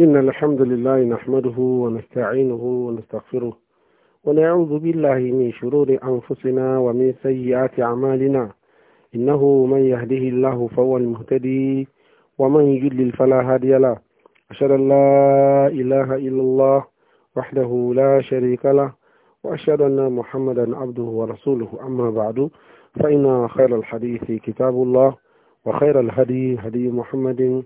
إن الحمد لله نحمده ونستعينه ونستغفره ونعوذ بالله من شرور أنفسنا ومن سيئات أعمالنا إنه من يهده الله فهو المهتدي ومن يضلل فلا هادي له أشهد أن لا إله إلا الله وحده لا شريك له وأشهد أن محمدا عبده ورسوله أما بعد فإن خير الحديث كتاب الله وخير الهدي هدي محمد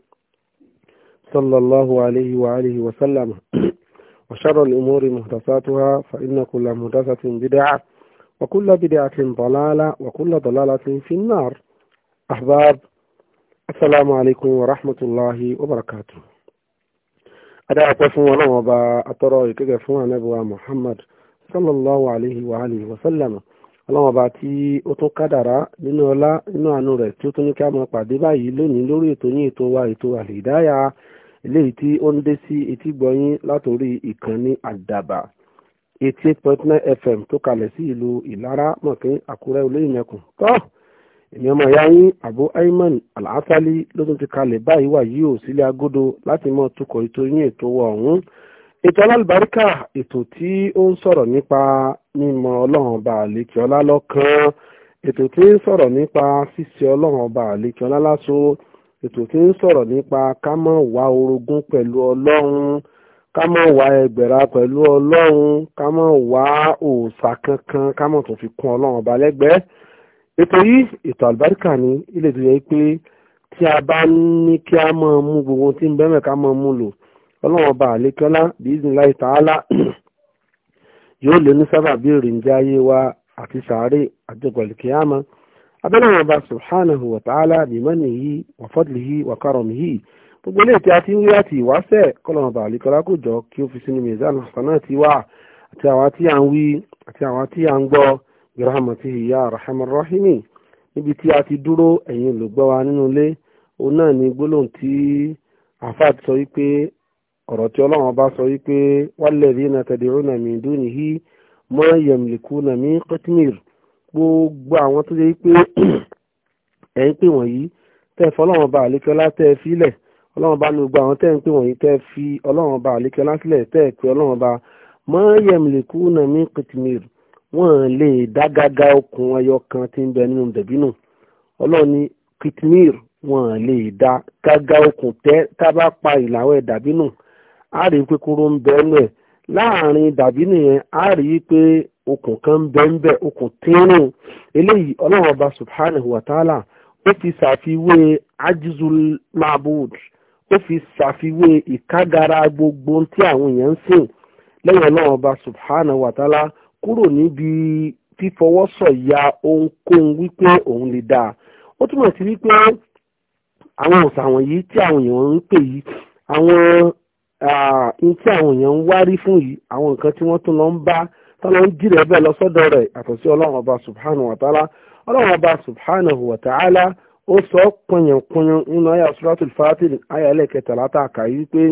صلى الله عليه وآله وسلم وشر الأمور محدثاتها فإن كل محدثة بدعة وكل بدعة ضلالة وكل ضلالة في النار أحباب السلام عليكم ورحمة الله وبركاته أدعى تفوانا وبا أترى يكفوان نبوى محمد صلى الله عليه وآله وسلم ọlọ́run ọba tí ó tún kádàrá nínú ọlá nínú àánú rẹ̀ tí ó tún ní ká eléyìí tí ó ń dé sí etí gbọ̀yìn látòrí ìkànnì àdàbà eighty eight point nine fm tó kalẹ̀ sí ìlú ìlara mọ̀kín àkúrẹ́ olóyìnmẹ̀kùn tó èmi ọmọ ìyá yín abu ayman alásálí ló tún ti kalẹ̀ báyìí wà yìí ò sílé agodo láti mọ tukọ̀ ètò yín ètò wa ọ̀hún ètò alálùbáríkà ètò tí ó ń sọ̀rọ̀ nípa mímọ ọlọ́run ọba àlekè ọlá lọ́kàn ètò tí ń sọ̀rọ̀ nípa ṣíṣe ọlọ́run ọba àlekè lásán ètò tí ń sọ̀rọ̀ nípa ká mọ̀ wá orogún pẹ̀lú ọlọ́run ká mọ̀ wá ẹgbẹ̀ra pẹ̀lú ọlọ́run ká mọ̀ wá òòṣà kankan ká mọ̀ tó fi kún ọlọ́run ọba lẹ́gbẹ̀ẹ́ ètò yìí ètò àlùbáríkà ni ilé tó yẹ pé tí a bá ní kí a máa mú gbogbo tí ń bẹ́ẹ̀ ká máa mú lò ọlọ́run ọba àlékọ́lá bísíláì tààlà yóò lé ní sábà bí èrè wa àti sàárè àti abẹ́lẹ́wọ̀n ọba subhanahu wa ta'ala bimanihi wa fadlihi wa karamihi gbogbo ilé tí a ti ń wí láti ìwáṣẹ̀ kọ́lọ́mù ọba àlekọ́lá kò jọ kí ó fi sínú mizan hasanah ti wà àti àwa tí à ń wí àti àwa tí à ń gbọ́ birahmatihi ya arhamar rahimin níbi tí a ti dúró ẹ̀yin olùgbọ́ wa nínú ilé òun náà ni gbólóhùn tí àfa ti sọ wípé ọ̀rọ̀ tí ọlọ́run ọba sọ wípé walladhina tad'una min dunihi ma yamlikuna min qitmir gbogbo àwọn tó yẹ pé ẹ̀ ń pè wọ̀nyí tẹ́ fọlọ́wọ́n ba àlékọ́lá tẹ́ filẹ̀ ọlọ́wọ́n ba ní gbogbo àwọn tẹ́ ń pè wọ̀nyí tẹ́ fi ọlọ́wọ́n ba àlékọ́lá sílẹ̀ tẹ́ pé ọlọ́wọ́n ba mọ́yẹ̀mìlẹ́kù nàmí kìtìmìrì wọ́n lè dá gágá okùn ẹyọ kan tí ń bẹ nínú dẹ̀bínú ọlọ́run ní kìtìmìrì wọ́n lè dá gágá okùn tẹ́ tábà pa ìlàwẹ̀ dàbínú á rí pé kóró ń bẹ́ẹ̀ láàrin dàbínú yẹn á rí pé okùn kan bẹ́ńbẹ́ okùn tínrín eléyìí ọlọ́run ọba subhanahu wa ta'ala ó fi ṣàfiwé ajizul mabud ó fi ṣàfiwé ìkágara gbogbo tí àwọn èèyàn ń sìn lẹ́yìn ọlọ́run ọba subhanahu wa ta'ala kúrò níbi fífọwọ́sọ̀yà ohunkóhun wípé òun lè dáa ó túmọ̀ sí wípé àwọn òòṣà wọ̀nyí tí àwọn èèyàn ń pè yìí àwọn n tí àwọn èèyàn ń wárí fún yìí àwọn nǹkan tí wọ́n tún lọ ń bá tọ́lá ń jìrì ẹ̀bẹ̀ lọ sọ́dọ̀ rẹ̀ àtọ̀sí ọlọ́run ọba subhanahu wa ta'ala ọlọ́run ọba subhanahu wa ta'ala ó sọ pọ̀nyànpọ̀nyàn nínú ayé asúrátù fàátì ayé ẹlẹ́kẹtàlá tá a kà yí pé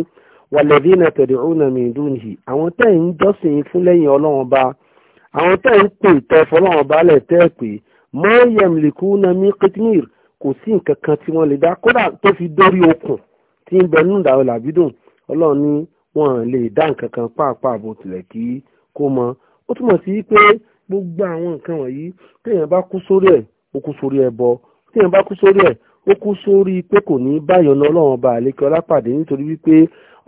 wàlẹ́dínà tad'una min dunihi àwọn tẹ́ ń jọ́sìn fún lẹ́yìn ọlọ́run ọba àwọn tẹ́ ń pè tẹ́ fọlọ́run ọba lẹ̀ tẹ́ pé ma yamlikuna lè dá kódà lè dá nǹkan kan pàápàá bó tilẹ̀ kí kó mọ ó túmọ̀ sí pé gbogbo àwọn nǹkan wọ̀nyí téèyàn bá kú sórí ẹ̀ ó kú sórí ẹbọ téèyàn bá kú sórí ẹ̀ ó kú sórí pé kò ní báyọ̀ náà ọlọ́run ọba àlékè ọlápàdé nítorí wípé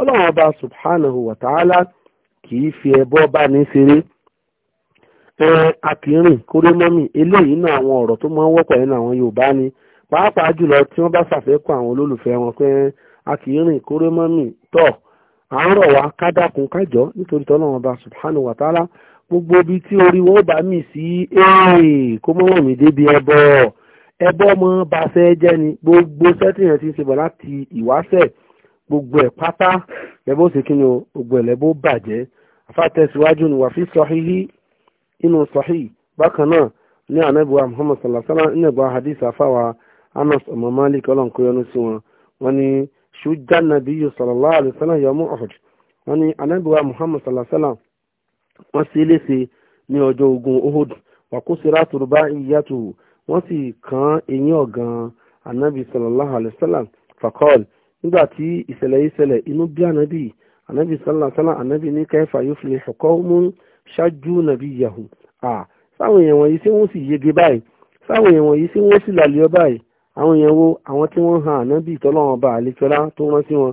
ọlọ́run ọba subhanahu wa ta'ala kì fi ẹbọ bá ní ṣeré ẹ kórè mọ́mì eléyìí náà àwọn ọ̀rọ̀ tó ni pàápàá jùlọ tí wọ́n bá ṣàfẹ́kù àwọn olólùfẹ́ wọn pé kórè mọ́mì tọ̀ ká dákun kájọ́ nítorí tọ́lọ́run ọba subhanahu gbogbo ibi tí orí wọn bá mì sí ee kó mọ́ wọ̀n mí débi ẹbọ ẹbọ mọ́ bá fẹ́ jẹ́ ni gbogbo sẹ́tìyàn ti ń ṣe bọ̀ láti ìwáṣẹ̀ gbogbo ẹ̀ pátá lẹ́bọ̀ sí kí ni gbogbo ẹ̀ lẹ́bọ̀ bàjẹ́ afátẹ̀síwájú ni wà fi sọ̀híhí inú sọ̀hí bákan náà ní ànábìwá muhammad sallallahu alaihi wasallam nígbà hadith afáwa anas ọmọ malik ọlọ́nkóyọ́nù sí wọn wọn ni ṣùjá nàbíyù sallallahu alaihi wasallam yọmú ọ̀hùd wọn ni ànábìwá muhammad sallallahu wọ́n sì léṣe ní ọjọ́ ogun ohud wàkúsirá turba iyàtò wọ́n sì kan eyín ọ̀gàn anabi sallallahu alayhi wa sallam fakọ́l nígbà tí ìṣẹ̀lẹ̀ yìí ṣẹlẹ̀ inú bí anabi anabi sallallahu alayhi wa sallam anabi ní kẹfà yóò fi ṣọkọ́ mú ṣáájú nàbí yahu sáwọn èèyàn wọ̀nyí sí wọ́n sì yege báyìí sáwọn èèyàn wọ̀nyí sí wọ́n sì làlẹ́ ọ báyìí àwọn èèyàn wo àwọn tí wọ́n han ànábì tọ́lọ́wọ́n ọba àlejòlá tó rán sí wọn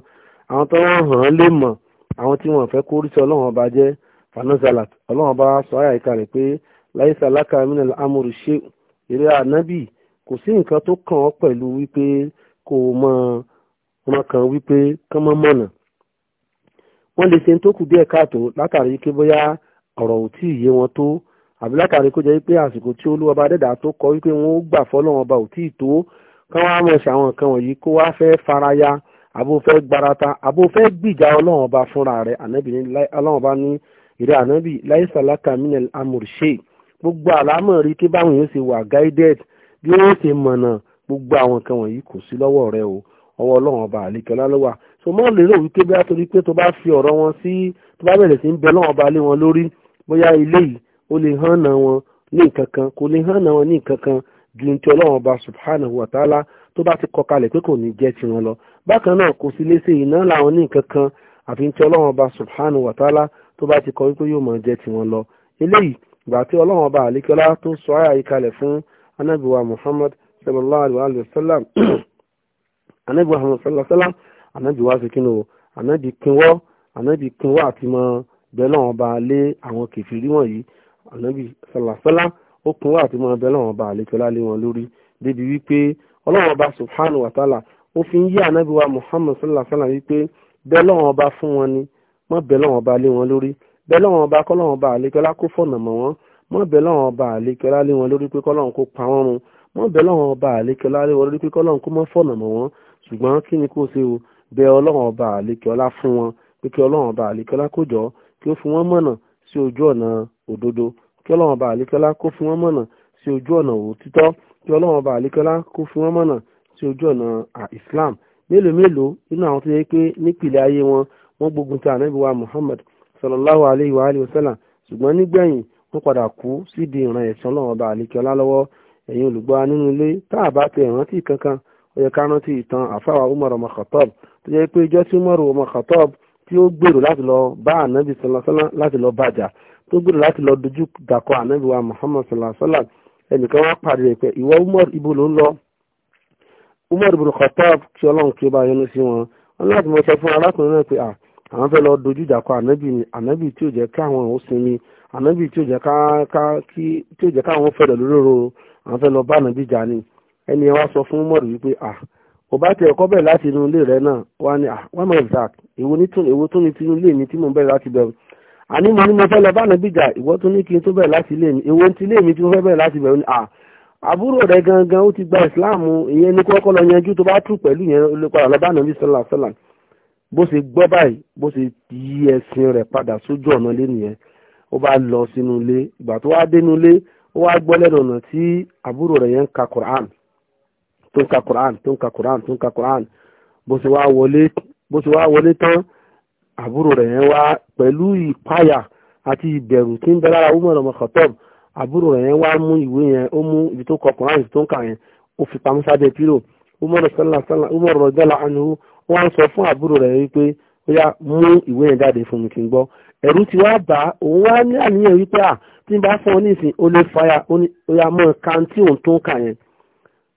àwọn tó wọ́n hàn án lè mọ̀ àwọn tí wọ́n fẹ́ kó ríṣẹ́ ọlọ́wọ́n ọba jẹ́ fanazalat ọlọ́run bá sọ ayà ìka rẹ̀ pé láìsà láka minal amúrú ṣe eré ànábì kò sí nǹkan tó kàn ọ́ pẹ̀lú wípé kò mọ ọmọ kan wípé kán mọ́ mọ̀nà wọ́n lè ṣe tó kù díẹ̀ káàtó látàrí pé bóyá ọ̀rọ̀ ò tí ì yé wọn tó àbí látàrí kó jẹ́ pé àsìkò tí olúwa bá dẹ́dà tó kọ wípé wọ́n ó gbà fọ́lọ́wọn ọba ò tí ì tó kán wá mọ̀ ṣàwọn nǹkan wọ̀nyí kó wá fẹ́ faraya àbó fẹ́ gbarata àbó fẹ́ gbìjà ọlọ́run ọba fúnra rẹ̀ ànábì ọlọ́run ọba ní ìrẹ́ ànábì láìsàlákà minel amúrṣe gbogbo àlámọ̀rí tí báwọn yóò ṣe wà guided bí wọ́n ṣe mọ̀nà gbogbo àwọn nǹkan wọ̀nyí kò sí lọ́wọ́ rẹ o ọwọ́ ọlọ́run ọba àlekẹ́lá ló so mọ́ lérò wípé bí a torí pé tó bá fi ọ̀rọ̀ wọn sí tó bá bẹ̀rẹ̀ sí ń bẹ lọ́wọ́ ọba lé wọn lórí bóyá ilé yìí ó lè hàn náà wọn ní nǹkan kan kò lè hàn náà wọn ní nǹkan kan ju ti ọlọ́run ọba subhanahu wa ta'ala tó bá ti kọ kalẹ̀ pé kò ní jẹ́ tiwọn lọ bákan náà kò sí léṣe iná làwọn ní nǹkan kan àfi ti ọlọ́run ọba subhanahu wa ta'ala tó bá ti kọ wípé yóò mọ̀ jẹ́ tiwọn lọ eléyìí ìgbà tí ọlọ́run ọba àlékọ́lá tó sọ ayà yìí kalẹ̀ fún anábìwá muhammad sallallahu alayhi wa sallam anábìwá muhammad sallallahu sallam anábìwá fi kínú anábì pinwọ́ anábì pinwọ́ àti mọ bẹ́ẹ̀ lọ́wọ́n ọba lé àwọn kẹfìrí wọ̀nyí anábì sallallahu sallam ó pinwọ́ àti mọ bẹ́ẹ̀ lọ́wọ́n ọba àlékọ́lá lé wọn lórí débi wípé ọlọ́run ọba subhanahu wa ta'ala ó fi ń yí anábìwá muhammad sallallahu alayhi wa sallam wípé bẹ́ẹ̀ lọ́wọ́n ọba fún wọn ni mọ́ bẹ́ẹ̀ lọ́wọ́n ba lé wọn lórí bẹ́ẹ̀ lọ́wọ́n ba kọ́ lọ́wọ́n ba àlékọ́lá kó fọ̀nà mọ́ wọn mọ́ bẹ́ẹ̀ lọ́wọ́n ba àlékọ́lá lé wọn lórí pé kọ́lọ́wọ́n kó pa wọ́n run mọ́ bẹ́ẹ̀ lọ́wọ́n ba àlékọ́lá lé wọn lórí pé kọ́lọ́wọ́n kó mọ́ fọ̀nà mọ́ wọn ṣùgbọ́n kí ni kó ṣe o bẹ ọlọ́wọ́n ba àlékọ́lá fún wọn pé kí ọlọ́wọ́n ba àlékọ́lá kó jọ kí ó fi wọ́n mọ̀nà sí ojú ọ̀nà òdodo kí ọlọ́wọ́n ba àlékọ́lá kó fi wọ́n mọ̀nà sí ojú ọ̀nà òtítọ́ kí ọlọ́wọ́n ba àlékọ́lá kó fi wọ́n mọ̀nà sí ojú ọ̀nà Islam mélòó mélòó nínú àwọn tó yẹ pé nípìnlẹ̀ ayé wọn wọ́n gbógun ti ànábì wa Muhammad sallallahu alayhi wa alihi wa sallam ṣùgbọ́n nígbẹ̀yìn wọ́n padà kú sídìí ìran ẹ̀sán ọlọ́run ọba àlekíọ́lá lọ́wọ́ ẹ̀yin olùgbọ́ nínú ilé tá a bá tẹ ìrántí kankan ó yẹ ká rántí ìtàn àfáwà Umar ọmọ Khattab tó yẹ pé ìjọ tí Umar ọmọ Khattab tí ó gbèrò láti lọ bá ànábì sọlásọlá láti lọ bàjà tó gbèrò láti lọ dojú dàkọ ànábì wa Muhammad sọlásọlá ẹnìkan wá pàdé rẹ̀ pé ìwọ Umar ibo ló ń lọ Umar ibn Khattab tí Ọlọ́run kí ó bá yọ́nú sí wọn wọn láti mọ sọ fún arákùnrin náà pé ah àwọn fẹ́ lọ dojú ìjà kọ ànábì ni ànábì tí ò jẹ́ kí àwọn ò sinmi ànábì tí ò jẹ́ ká ká kí tí ò jẹ́ káwọn ò fẹ́rẹ̀ lóróró àwọn fẹ́ lọ bá ànábì jà ni ẹni ẹ wá sọ fún mọ̀rù wípé à ò bá tẹ ẹ̀kọ́ bẹ̀rẹ̀ láti inú ilé rẹ náà wá ní à wọ́n mọ̀ zac èwo ní tún èwo tún ní tinú ilé mi tí mò ń bẹ̀rẹ̀ láti bẹ̀rù àní mo ní mo fẹ́ lọ bá ànábì jà ìwọ tún ní kí n àbúrò rẹ gangan ó ti gba ìsìláàmù ìyẹn ní kọ́kọ́ lọ yanjú tó bá tù pẹ̀lú yẹn ló padà lọ bá ànábì bó ṣe gbọ́ báyìí bó ṣe yí ẹsìn rẹ̀ padà sójú ọ̀nà ilé nìyẹn ó bá lọ sínú ilé ìgbà tó wá dénú ilé ó wá gbọ́ lẹ́nu ọ̀nà tí àbúrò rẹ̀ yẹn ń ka Quran tó ń ka Quran tó ń ka Quran tó ń ka Quran bó ṣe wá wọlé bó ṣe wá wọlé tán àbúrò rẹ̀ yẹn wá pẹ̀lú ìpáyà àti ìbẹ̀rù tí ń bẹ lára Umar ọmọ àbúrò rẹ̀ yẹn wá mú ìwé yẹn ó mú ibi tó kọ Quran tó ń kà yẹn ó fi pamọ́ sábẹ́ pírò Umar sallallahu alaihi wasallam Umar radiyallahu wọ́n á sọ fún àbúrò rẹ̀ wípé ó yá mú ìwé yẹn jáde fún mi kí n gbọ́ ẹ̀rù ti wá bá òun wá ní àníyàn wípé à tí n bá fún ọ ní ìsìn ó lè fàyà ó yá mọ́ ká tí òun tó ń kà yẹn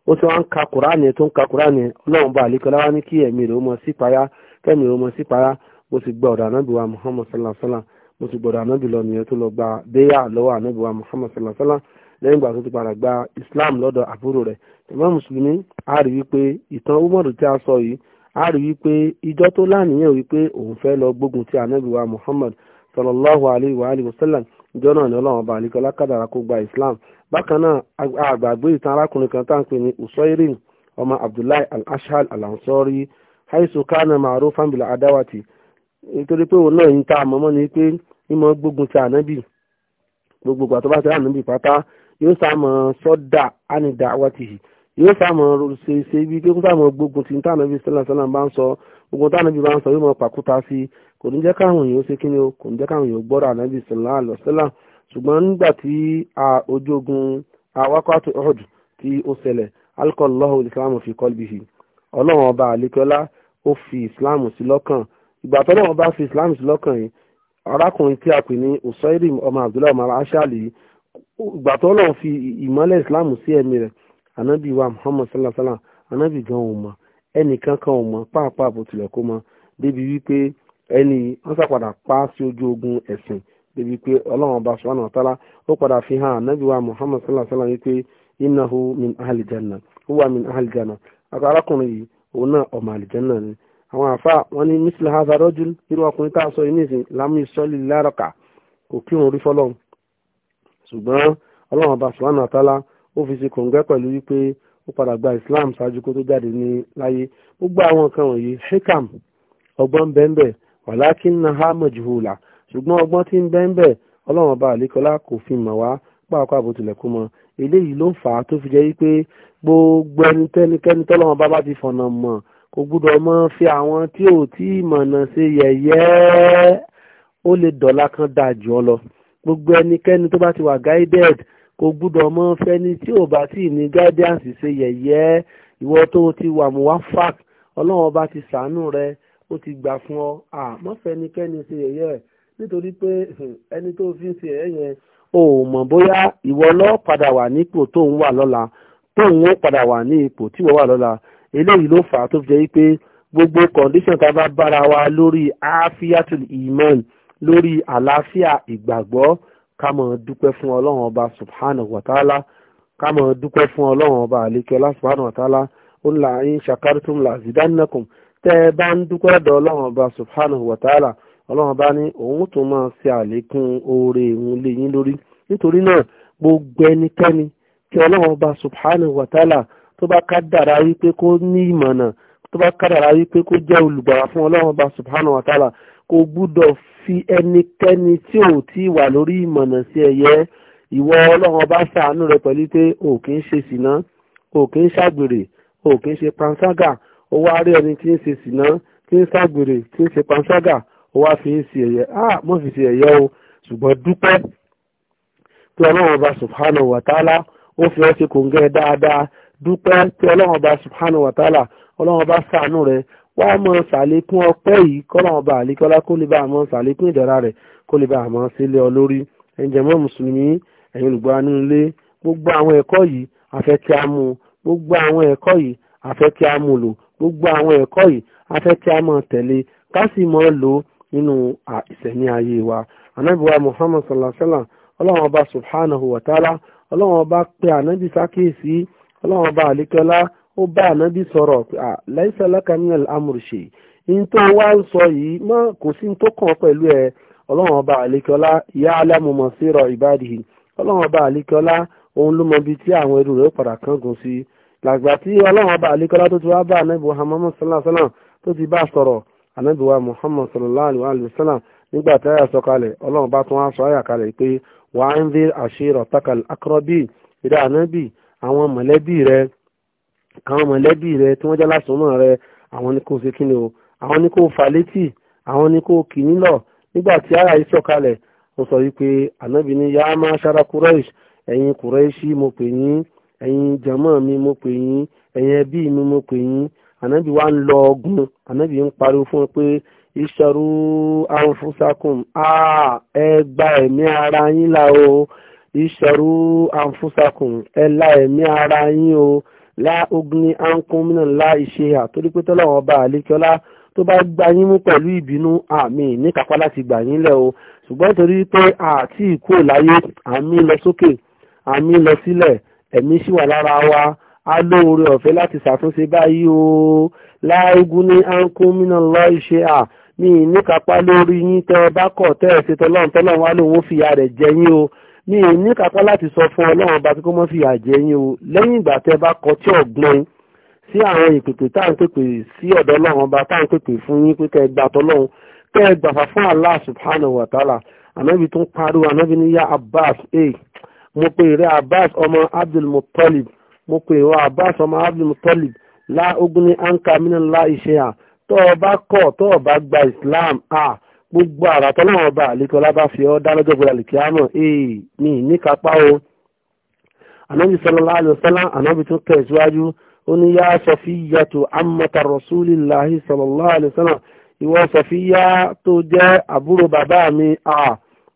ó ti wá ń ka kùránì tó ń ka kùránì ọlọ́run bá àlékọ́ láwá ní kí ẹ̀mí rẹ̀ ó mọ sí payá kẹ́mi rẹ̀ ó mọ sí payá mo sì gba ọ̀dọ̀ ànábì muhammad sallallahu alaihi wasallam mo sì gbọ́dọ̀ ànábì lọ nìyẹn tó lọ gba béyà lọ́wọ́ ànábì muhammad sallallahu alaihi wasallam lẹ́yìn ìgbà tó ti padà gba islam lọ́dọ̀ àbúrò rẹ̀ tẹ̀mọ́ mùsùlùmí a rí wípé ìtàn umaru tí a sọ yìí a rí wípé ìjọ tó láníyàn wípé òun fẹ́ lọ gbógun ti ànábì Muhammad sallallahu alayhi wa alayhi wa sallam ìjọ náà ni ọlọ́run ọba àlekọ́ lákàdàrà kó gba Islam bákan náà àgbàgbé ìtàn arákùnrin kan tá à ń pè ní usairin ọmọ abdullahi al-ashal al-ansori haisu kana ma'rufan bil adawati nítorí pé òun náà yìí tá a mọ̀mọ́ ni pé mímọ́ gbógun ti ànábì gbogbo ìgbà tó pátá yóò sá mọ́ sọ́dà ánìdá yóò sàmọ̀ ṣe ṣe ibi kí ó sàmọ̀ gbógun tí tànàbí sẹ́lẹ̀sẹ́lẹ̀ bá ń sọ gbogbo tànàbí bá ń sọ yóò mọ pàkúta sí i kò ní jẹ́ káwọn èèyàn ṣe kíni o kò ní jẹ́ káwọn èèyàn gbọ́dọ̀ ànábì sẹ́lẹ̀ àlọ́sẹ́lẹ̀ ṣùgbọ́n nígbà tí ojú ogun awakọ̀tò ọ̀d tí ó ṣẹlẹ̀ alikọ́lọ́hùn ìsìlámù fi qalbihi ọlọ́run ọba àlekọ́lá ó fi ìsìlámù sí lọ́kàn ìgbà tọ́lọ́run ọba fi ìsìlámù sí lọ́kàn yìí anabi wa muhammad sallallahu alaihi wa sallam anabi gan ò mọ̀ ẹnìkan kan ò mọ̀ pàápàá bó tilẹ̀ kó mọ̀ débi wípé ẹni wọ́n sàpadà pa sí ojú ogun ẹ̀sìn débi pé ọlọ́run ọba subhanahu wa ta'ala ó padà fi hàn anabi wa muhammad sallallahu alaihi wa sallam wípé innahu min ahli janna huwa min ahli janna àti arákùnrin yìí òun náà ọmọ àlìjẹ́nà ni àwọn àfa wọn ní mísìlẹ̀ haza rọ́jú irú ọkùnrin tá a sọ yìí nìsín lámú ìsọ́lì lárọ̀kà kò kí òun rí fọlọ́run ṣùgbọ́n ọlọ́run ọba subhanahu wa ta'ala ó fi ṣe kòǹgẹ́ pẹ̀lú wípé ó padà gba islam ṣáájú kó tó jáde ní láyé gbogbo àwọn nǹkan wọ̀nyí hikam ọgbọ́n bẹ́ńbẹ́ wàlákin naha majhula ṣùgbọ́n ọgbọ́n tí ń bẹ́ńbẹ́ ọlọ́run ọba àlékọlá kò fi mọ̀ wá pàápàá bó tilẹ̀ kó mọ eléyìí ló fà á tó fi jẹ́ wípé gbogbo ẹni tẹ́nikẹ́ni tọ́lọ́run bá bá ti fọ̀nà mọ̀ kò gbúdọ̀ mọ́ fi àwọn tí ò tí ì mọ̀nà ṣe yẹ̀yẹ́ ó lè dọ̀la kan dáa jù ọ lọ gbogbo ẹnikẹ́ni tó bá ti wà guided kò gbúdọ̀ mọ fẹni tí ò bá tí ì ní guidance ṣe yẹ̀yẹ́ ìwọ tó ti wà mú wá fact ọlọ́run ọba ti sàánú rẹ ó ti gbà fún ọ àmọ́ fẹnikẹ́ni ṣe yẹ̀yẹ́ nítorí pé ẹni tó fi ń ṣe yẹ̀yẹ́ yẹn o ò mọ̀ bóyá ìwọ lọ padà wà nípò tó ń wà lọ́la tó ń padà wà ní ipò tí wọ́n wà lọ́la eléyìí ló fà á tó fi jẹ́ pé gbogbo condition tá a bá bára wa lórí àáfíàtul iman lórí àlàáfíà ìgbàgbọ́ ká mọ̀ dúpẹ́ fún ọlọ́run ọba subhanahu wa ta'ala ká mọ̀ dúpẹ́ fún ọlọ́run ọba àlekẹ́lá subhanahu wa ta'ala ó ń la in shakartum la zidannakum tẹ́ ẹ bá ń dúpẹ́ dọ̀ ọlọ́run ọba subhanahu wa ta'ala ọlọ́run ọba ní òun tún máa ṣe àlékún oore òun lé yín lórí nítorí náà gbogbo ẹnikẹ́ni tí ọlọ́run ọba subhanahu wa ta'ala tó bá kádàrá wípé kó ní ìmọ̀nà tó bá kádàrá wípé kó jẹ́ olùgbàrà fún ọlọ́run ọba subhanahu wa O gbúdọ̀ fi ẹnikẹ́ni tí ò tí wà lórí ìmọ̀nà sí ẹ̀yẹ ìwọ ọlọ́run ọba ṣàánú rẹ pẹ̀lú pé o kì í ṣe sìná o kì í ṣàgbèrè o kì í ṣe panṣágà o wá rí ẹni tí ń ṣe sìná tí ń ṣàgbèrè tí ń ṣe panṣágà o wá fi ń ṣe ẹ̀yẹ a mọ̀ fi ṣe ẹ̀yẹ o ṣùgbọ́n dúpẹ́ pé ọlọ́run ọba subhanahu wa ta'ala ó fi ọ́ ṣe kòǹgẹ́ dáadáa dúpẹ́ pé ọlọ́run ọba subhanahu wa ta'ala ọlọ́run ọba ṣàánú rẹ wá mọ sàlékún ọpẹ́ yìí kọ́lọ́wọ́n bá àlékọ́lá kó lè bá àmọ́ sàlékún ìdára rẹ̀ kó lè bá àmọ́ sílé ọ lórí ẹ̀jẹ̀mọ́ mùsùlùmí ẹ̀yin olùgbọ́ anú ilé gbogbo àwọn ẹ̀kọ́ yìí afẹ́ kí a mú gbogbo àwọn ẹ̀kọ́ yìí afẹ́ kí a mú lò gbogbo àwọn ẹ̀kọ́ yìí afẹ́ kí tẹ̀lé ká sì lò nínú ìsẹ̀mí ayé wa anábìwá muhammad sallallahu alayhi wa sallam subhanahu wa ta'ala ọlọ́run ọba pé anábì sákèésí ọlọ́run ó bá ànábì sọ̀rọ̀ láìsà lákàmínà amúrṣe ní tó wá ń sọ yìí mọ́ kò sí tó kàn pẹ̀lú ẹ ọlọ́run ọba àlekọ́lá ìyá alámùmọ̀ sí rọ ìbádìí ọlọ́run ọba àlekọ́lá òun ló mọ ibi tí àwọn ẹrú rẹ̀ padà kángun sí làgbà tí ọlọ́run ọba àlekọ́lá tó ti wá bá ànábì muhammad sallallahu alayhi wa sallam tó ti bá sọ̀rọ̀ ànábì wa muhammad sallallahu alayhi wa sallam nígbà tí àwọn mọ̀lẹ́bí rẹ tí wọ́n jẹ́ lásùnmọ̀ rẹ àwọn ni kò ṣe kí ni o àwọn ni kò fà létí àwọn ni kò kì nílọ̀ nígbà tí ara yìí sọ̀kalẹ̀ ó sọ wípé ànábì ni yá máa ṣara ẹ̀yin kúrẹ́ṣì mo pè yín ẹ̀yin jàmáà mi mo pè yín ẹ̀yin ẹbí mi mo pè yín ànábì wa ń lọ ọgùn ànábì ń pariwo fún un pé ìṣòro anfusakum ẹ gba ẹ̀mí ara yín là o ìṣòro anfusakum ẹ la ẹ̀mí ara yín o la ogni ankun mina la iṣẹ́ àtorí pé tọ́lọ́wọ́n bá àlékiọ́lá tó bá gbà yín mú pẹ̀lú ìbínú àmì níkàpá láti gbà yín lẹ̀ o ṣùgbọ́n torí pé àti ìkú láyé àmì lọ sókè àmì lọ sílẹ̀ ẹ̀mí sì wà lára wa á lóore ọ̀fẹ́ láti ṣàtúnṣe báyìí o láìgún ní ankun mina la iṣẹ́ à ní níkàpá lórí yín tẹ́ ẹ bá kọ̀ tẹ́ ẹ ṣe tọ́lọ́run ní èyí kápá láti sọ fún ọlọ́run bá tí kò mọ́ fi àjẹ́ yín o lẹ́yìn ìgbà tẹ́ bá kọ tí ọ̀gbọ́n sí àwọn ìpèpè tá à ń pèpè sí ọ̀dọ̀ ọlọ́run bá tá à ń pèpè fún yín pé kẹ́ ẹ gbà fún Allah subhanahu wa ta'ala ànábì tún pariwo ànábì ní ya Abbas ẹ̀ eh, mo pe ìrẹ́ Abbas ọmọ Abdul mo pe ìwọ Abbas ọmọ Abdul Muttalib lá ogun ní anka mínú ńlá iṣẹ́ à tọ́ ọ bá kọ̀ tọ́ ọ bá gba Islam ah gbogbo ara láwọn ọba àlékọ́lá bá fi ọ́ dá gbọ́dọ̀ mi o anabi sallallahu alayhi wa sallam tún tẹ̀síwájú ó ní yá sọfíyàtò amọ̀tà rasulillahi sallallahu alayhi wa sallam ìwọ sọfíyà tó mi a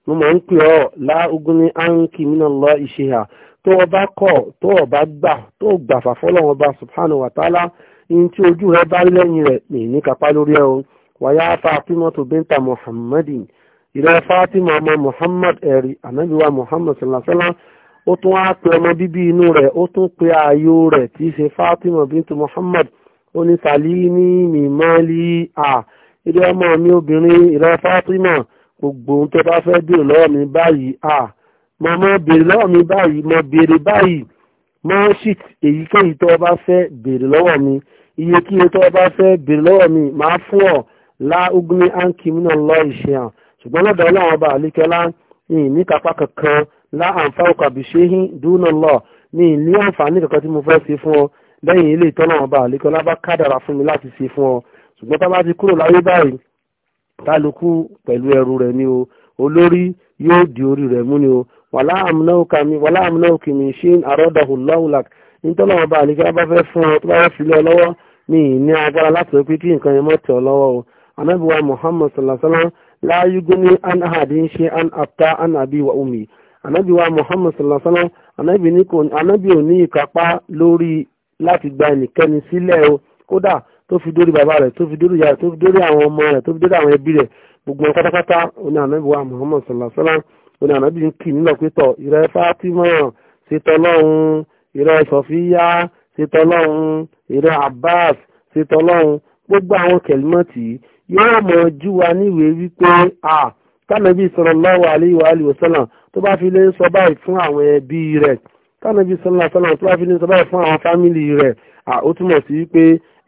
mo mọ̀ ń pè ọ́ láogun ní áńkì minallahi shay'a tó o bá kọ̀ tó o bá gbà tó o gbà fàfọ́lọ́wọ́n ọba subhanahu wa ta'ala ní rẹ bá lẹ́yìn rẹ̀ o. wàyá fatimatu binta muhammadin ìrẹ fatima ọmọ muhammad ẹ̀rí ànábìwá muhammad sallasala ó tún á pe ọmọ bíbí inú rẹ̀ ó tún pe ààyò rẹ̀ tí í ṣe fatima bintu muhammad ó ní sàlíní mímọ́lì à ìrẹ ọmọ mi obìnrin ìrẹ fatima gbogbo ohun tó bá fẹ́ béèrè lọ́wọ́ mi báyìí à mo mọ béèrè lọ́wọ́ mi báyìí mo béèrè báyìí mo ṣìt èyíkéyìí tó bá fẹ́ béèrè lọ́wọ́ mi iye kíye tó bá fẹ́ béèrè lọ́wọ́ mi máa fún ọ láúgbìn áńkì mínà lọ ìṣe hàn ṣùgbọ́n lọ́dọ̀ ọlọ́run ọba àlékẹ́lá ní ìníkapá kankan láàǹfà òkà bìṣẹ́hìn dúnà lọ ní ìní àǹfààní kankan tí mo fẹ́ ṣe fún ọ lẹ́yìn ilé ìtọ́lọ́run ọba àlékẹ́lá bá kádàrà fún mi láti ṣe fún ọ ṣùgbọ́n tá ti kúrò láyé báyìí kálukú pẹ̀lú ẹrù rẹ̀ ni o olórí yóò di orí rẹ̀ mú ni o wàlá àmúnáwó kìmí ṣe àrọ́dàhù lọ́wùlà lọ́wọ́ anabiwa muhammad sallallahu alaihi wasallam la yuguni an ahadin ṣe an afta an abi wa umi anabiwa muhammad sallallahu alaihi wasallam anabi ò ní ìkápá lórí láti gba ẹnikẹ́ni sílẹ̀ o kódà tó fi dórí bàbá rẹ̀ tó fi dórí ìyá rẹ̀ tó fi dórí àwọn ọmọ rẹ̀ tó fi dórí àwọn ẹbí rẹ̀ gbogbo wọn pátápátá oní anabiwa muhammad sallallahu alaihi wasallam oní anabi ń kì nílò pé tọ̀ ìrẹ́ fatima ṣètò ọlọ́run ìrẹ́ sọfíyá ṣètò ọlọ́run ìrẹ́ abbas ṣètò ọlọ́run gbogbo àwọn kẹlímọ́tì yóò mọ̀ jú wa níwèé wípé a kánàbí sallallahu alaihi wa alihi wasallam tó bá fi lè sọ báyìí fún àwọn ẹbí rẹ̀ kánàbí sallallahu alaihi wasallam tó bá fi lè sọ báyìí fún àwọn fámìlì rẹ̀ ó túmọ̀ sí wípé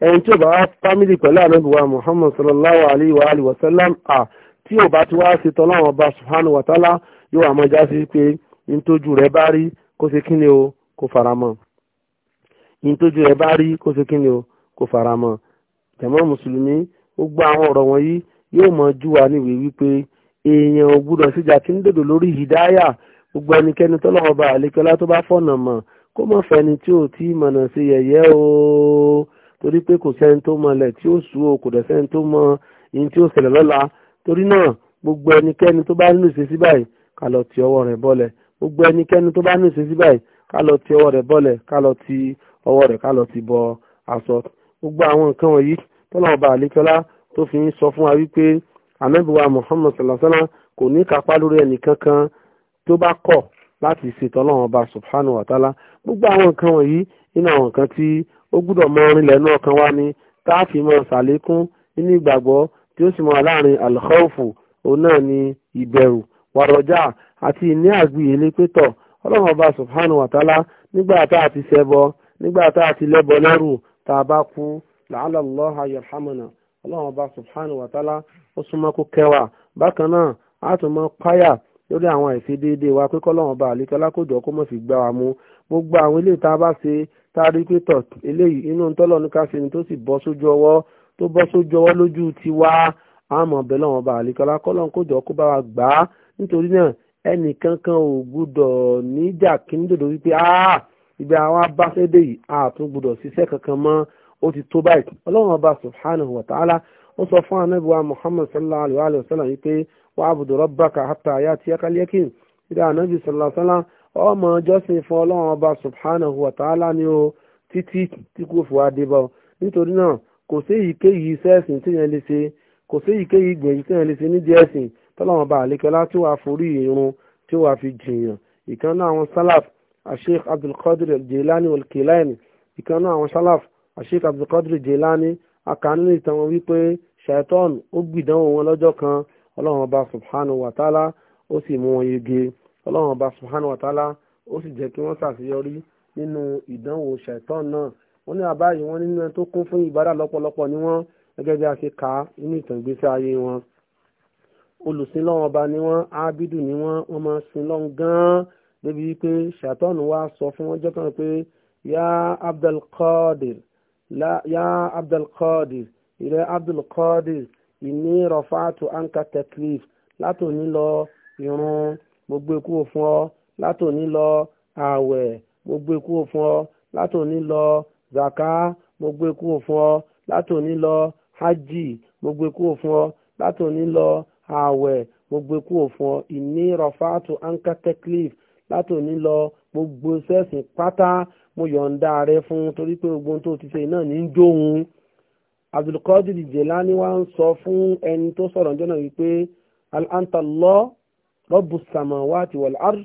ẹni tí ò bá fámìlì pẹ̀lú àmẹ́bùwà Muhammad sallallahu alaihi wa alihi wasallam a tí ò bá ti wá ṣe tọ́lọ́wọ́n bá subhanahu wa ta'ala yóò àmọ́já sí pé ntójú rẹ̀ bá rí kó ṣe kí o kò faramọ́ ntójú rẹ̀ bá rí kó ṣe kí o kò faramọ́ jàmọ́ mùsùlùmí gbogbo àwọn ọ̀rọ̀ wọ̀nyí yóò mọ jú wa níwèé wípé èèyàn ò gbúdọ̀ síjà tí ń dòdò lórí hìdáyà gbogbo ẹnikẹ́ni tọ́lọ́wọ́ bá àlékọ́lá tó bá fọ̀nà mọ̀ kó mọ̀ fẹ́ni tí ò tí mọ̀nà sí yẹ̀yẹ́ o torí pé kò sẹ́ni tó mọlẹ̀ tí ó sú o kò dẹ̀ sẹ́ni tó mọ ihun tí ó ṣẹlẹ̀ lọ́la torí náà gbogbo ẹnikẹ́ni tó bá nínú ìṣesí báyìí ká lọ ti ọwọ́ rẹ̀ bọ́lẹ̀ gbogbo ẹnikẹ́ni tó bá nínú ìṣesí báyìí ká lọ ti ọwọ́ rẹ̀ bọ́lẹ̀ ká lọ ti ọwọ́ rẹ̀ ká lọ ti bọ aṣọ gbogbo àwọn nǹkan wọ̀nyí tọ́lọ̀ ọba àlékọ́lá tó fi ń sọ fún wa wípé anábìwá muhammad salasala kò ní kápá lórí ẹnì kankan tó bá kọ̀ láti ṣètò ọlọ́run ọba subhanahu wa ta'ala gbogbo àwọn nǹkan wọ̀nyí nínú àwọn nǹkan tí ó gbúdọ̀ mọ orin lẹ́nu ọkàn wa ni tá a fi mọ ṣàlékún nínú ìgbàgbọ́ tí ó sì mọ láàrin alkhawfu òun náà ni ìbẹ̀rù wàrọ̀jà àti ìní àgbìyẹlé pétọ̀ ọlọ́run ọba subhanahu wa ta'ala nígbà tá a ti ṣẹbọ nígbà tá a ti lẹ́bọ lẹ́rù tá a bá kú làálà lọ́ha yarhamana ọlọ́run ọba subhanahu wa ta'ala ó súnmọ́ kó kẹwàá bákan náà a tún mọ páyà lórí àwọn àìsí déédéé wa pé kọ́lọ́run ọba àlékẹ́ lákòjọ́ kó mọ̀ sí gbá wa mú gbogbo àwọn ilé tá a bá ṣe tá a rí pé tọ̀ eléyìí inú tọ́lọ̀ ní ká ṣe ni tó sì bọ́ sójú ọwọ́ tó bọ́ sójú ọwọ́ lójú tiwa àmọ́ bẹ́ẹ̀ lọ́wọ́n àlékẹ́ lákọ́lọ́run kó bá wa gbà nítorí náà ẹnìkankan ò gbúdọ̀ níjà kí nídòdò wípé ibi àwọn abáṣẹ́dé yìí àtúngbùdọ̀ ṣiṣẹ́ kankan mọ́ ó ti tó báyìí ọlọ́run ọba subhanahu wa ta'ala ó sọ fún anábìwá muhammad sallallahu alayhi wa sallam wípé wà á bùdó rabbaka hatta ya'tiyaka al-yaqin ìdá anábì sallallahu alayhi wa sallam ọmọ jọ́sìn fún ọlọ́run ọba subhanahu wa ta'ala ni ó títí tí kò fò adébọ nítorí náà kò sí èyíkéyìí iṣẹ́ ẹ̀sìn tí yẹn lè ṣe kò sí èyíkéyìí gbẹ̀yìn tí yẹn lè ṣe nídìí asheikh abdulkadir jelani olkelaini ìkan náà àwọn sálàf Sheikh Abdulkadir Jelani akànnì ìtàn wọn wípé shaitan ó gbìdánwò wọn lọ́jọ́ kan ọlọ́run ọba subhanahu wa ta'ala ó sì mú wọn yege ọlọ́run ọba subhanahu wa ta'ala ó sì jẹ́ kí wọ́n ṣàṣeyọrí nínú ìdánwò shaitan náà wọ́n ní àbáyé wọn nínú ẹni tó kún fún ìbádà lọ́pọ̀lọpọ̀ ni wọ́n gẹ́gẹ́ bí a ṣe kà á nínú ìtàn ìgbésí ayé wọn olùsìn lọ́wọ́ ọba ni wọ́n ábídù ni wọ́n wọ́n máa sin lọ́wọ́ gan-an débi wípé ṣàtọ́nù wa sọ fún wọn jọ́kàn pé yá Abdul ya abdulkadir ìrẹ́ abdulkadir ìní rọ̀fàtù anka teklif látòní lọ irun gbogbo ikú fún ọ látòní lọ ààwẹ̀ gbogbo ikú fún ọ látòní lọ zaka gbogbo ikú fún ọ látòní lọ hajj gbogbo ikú fún ọ látòní lọ ààwẹ̀ gbogbo ikú fún ọ ìní rọ̀fàtù anka teklif látòní lọ gbogbo sẹ́sìn pátá mo yọ̀ǹda rẹ fún torí pé gbogbo tó ti ṣe náà ní í abdulkadir jelani wa ń sọ fún ẹni tó sọ̀rọ̀ ọjọ́ náà wípé alanta lọ rọ́bù samawati wal ard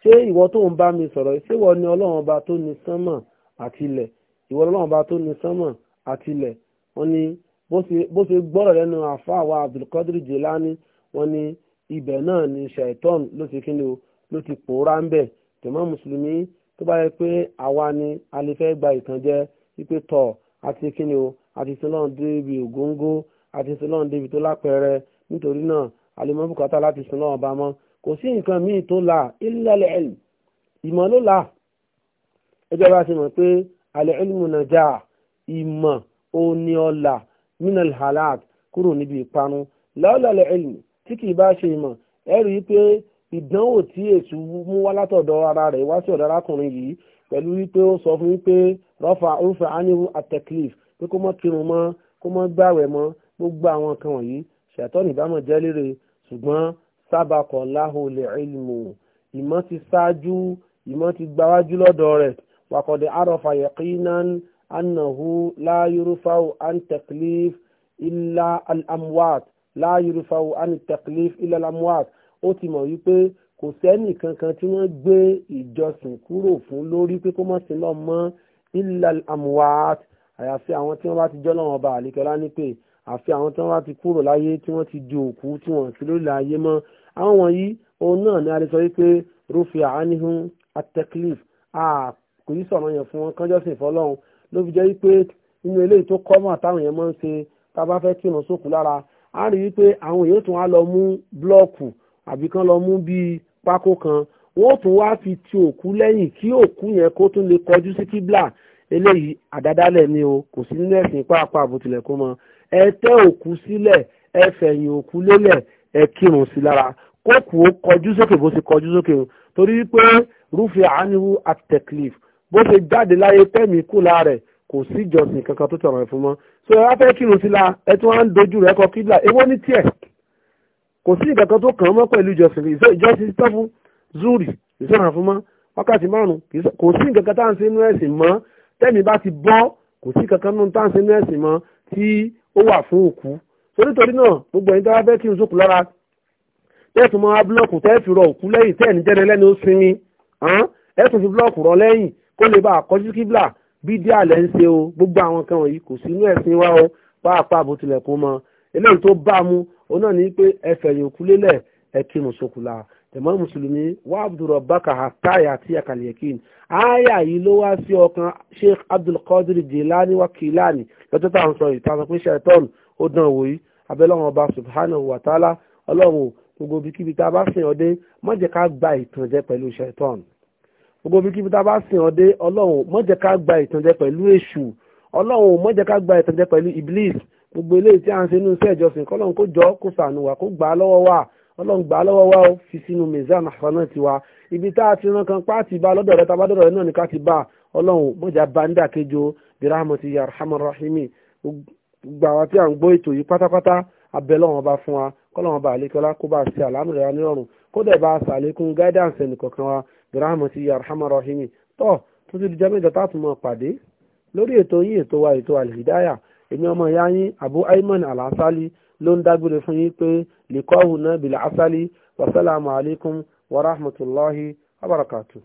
ṣé ìwọ tó ń bá mi sọ̀rọ̀ ṣé ìwọ ni ọlọ́run ọba tó ní sánmọ̀ àtilẹ̀ ìwọ ọlọ́run ọba tó ní sánmọ̀ àtilẹ̀ wọ́n ní bó ṣe gbọ́rọ̀ lẹ́nu àfa àwa abdulkadir jelani wọ́n ní ibẹ̀ náà ni shaitan ló ṣe kí ni o ló ti pòórá ń bẹ̀ tẹ̀mọ́ mùsùlùmí tó bá yẹ pé àwa ni a lè fẹ́ gba ìtànjẹ wípé tọ̀ àti kíni o àti sinlọ́n débi ògóńgó àti sinlọ́n débi tó lápẹẹrẹ nítorí náà a lè mọ bùkátà láti sinlọ́n ọba mọ́ kò sí nǹkan míì tó la ilẹ̀ ẹ̀lì ìmọ̀ ló la ẹjọ́ bá ti mọ̀ pé alẹ́ ẹ̀lìmù nàjà ìmọ̀ òní ọ̀la minal halak kúrò níbi ìparun lọ́ọ̀lọ́lẹ̀ ẹ̀lìmù tí kì í bá ṣe ìmọ̀ ẹ̀rí pé ìdánwò tí èṣù mú wá látọ̀dọ̀ ara rẹ̀ wá sí ọ̀dọ̀ arákùnrin yìí pẹ̀lú wípé ó sọ fún wípé rọ́fà òǹfà ánírú àtẹ̀klif pé kó mọ́ kírun mọ́ kó mọ́ gbàwẹ̀ mọ́ gbogbo àwọn nǹkan wọ̀nyí ṣàtọ́nì ìbámu jẹ́ lére ṣùgbọ́n sábàkọ̀ láhùlẹ̀ ìlmù ìmọ̀ ti ṣáájú ìmọ̀ ti gbáwájú lọ́dọ̀ rẹ̀ wàkọ̀dẹ̀ àròfà ó ti mọ̀ wípé kò sẹ́nì kankan tí wọ́n gbé ìjọsìn kúrò fún lórí pé kó mọ̀ sí lọ mọ́ illa al-amwat àyàfi àwọn tí wọ́n bá ti jọ́ lọ́wọ́ ọba àlekẹ́lá ní pé àfi àwọn tí wọ́n bá ti kúrò láyé tí wọ́n ti di òkú tí wọ́n sì lórí láyé mọ́ àwọn wọ̀nyí òun náà ni a lè sọ wípé rufi anihun ateklif kò yí sọ̀rọ̀ yẹn fún wọn kánjọ́sìn fọlọ́run ló fi jẹ́ wípé nínú eléyìí tó kọ́ mọ́ àtàwọn yẹn máa ń ṣe tá a bá fẹ́ kírun sókù lára a rí wípé àwọn èèyàn tún á lọ mú blọ́ọ̀kù àbí kán lọ mú bíi pákó kan wọ́n tún wá fi ti òkú lẹ́yìn kí òkú yẹn kó tún lè kọjú sí kíblà eléyìí àdádálẹ̀ ni o kò sí nínú ẹ̀sìn pàápàá àbòtilẹ̀ kó mọ ẹ tẹ́ òkú sílẹ̀ ẹ fẹ̀yìn òkú lélẹ̀ ẹ kírun sí lára kókù ó kọjú sókè bó ṣe kọjú sókè o torí wípé rúfin àánihu atẹ̀klif bó ṣe jáde láyé tẹ́mi kù láàrẹ̀ kò sí ìjọsìn kankan tó tọ̀rọ̀ ẹ̀ fún mọ́ so ẹ wá fẹ́ kírun sí la ẹ tún wá ń dojú rẹ̀ kọ kíblà èwo ní tiẹ̀ kò sí nǹkan kan tó kàn án mọ́ pẹ̀lú ìjọsìn ìjọsìn tó fún zuri ìsọ̀ràn fún mọ́ wákàtí márùn kò sí nǹkan kan tá à ń ṣe inú ẹ̀sìn mọ́ tẹ́mi bá ti bọ́ kò sí nǹkan kan nínú tá à ń ṣe inú ẹ̀sìn mọ́ tí ó wà fún òkú sórí torí náà gbogbo ẹ̀yin tó bá fẹ́ kí n sókù lára tẹ́ẹ̀tún mọ́ búlọ́ọ̀kù tẹ́ẹ̀ fi rọ òkú lẹ́yìn tẹ́ẹ̀ ní jẹ́ni lẹ́nu ó mu Ona náà ní pé ẹfẹ̀ yòókù lélẹ̀ ẹ kírun sókùlà tẹ̀mọ́ mùsùlùmí wà abdulrọ̀ bákà àtàyà àti àkàlẹ̀kìn àyà yìí ló wá sí ọkàn sheikh jilani wa kilani lọ́jọ́ tá à ń sọ yìí táwọn pé ṣẹ̀tọ́n ó dán wò yìí abẹ́lọ́wọ̀n ọba subhanahu wa ta'ala ọlọ́run gbogbo ibikíbi tá a bá sìn ọdẹ má jẹ́ ká gba ìtànjẹ pẹ̀lú ṣẹ̀tọ́n gbogbo ibikíbi tá a bá sìn ọdẹ ọlọ́run má jẹ́ ká gba ìtànjẹ pẹ̀lú èṣù ọlọ́run má jẹ́ ká gba ìtànjẹ pẹ̀lú iblis gbogbo eléyìí tí a ń ṣe nínú iṣẹ́ ìjọsìn kọ́lọ́n kó jọ kó sànù wá kó gbà á lọ́wọ́ wá ọlọ́run gbà á lọ́wọ́ wá ó fi sínú mizan hasanat tiwa ibi tá a ti ran kan páàtì bá lọ́dọ̀ rẹ tábà dọ̀rọ̀ náà ní ká ti bá ọlọ́run mọ̀jà banda kejo birahmati ya rahman rahimi gbogbo àwọn tí a ń gbọ́ ètò yìí pátápátá abẹ́lọ́wọ́n bá fún wa kọ́lọ́wọ́n bá àlékọ́lá kó bá ṣe àlámù rẹ̀ nírọ̀rùn kó dẹ̀ rahimi tọ́ tó ti di jẹ́ mẹ́jọ tá a tún mọ̀ èmi ọmọ ìyá yín abu ayman alasali ló ń dágbére fún yín pé lìkọ́hùn náà bìlà asali wasalaamu alaykum wa rahmatulahi wa barakatuh.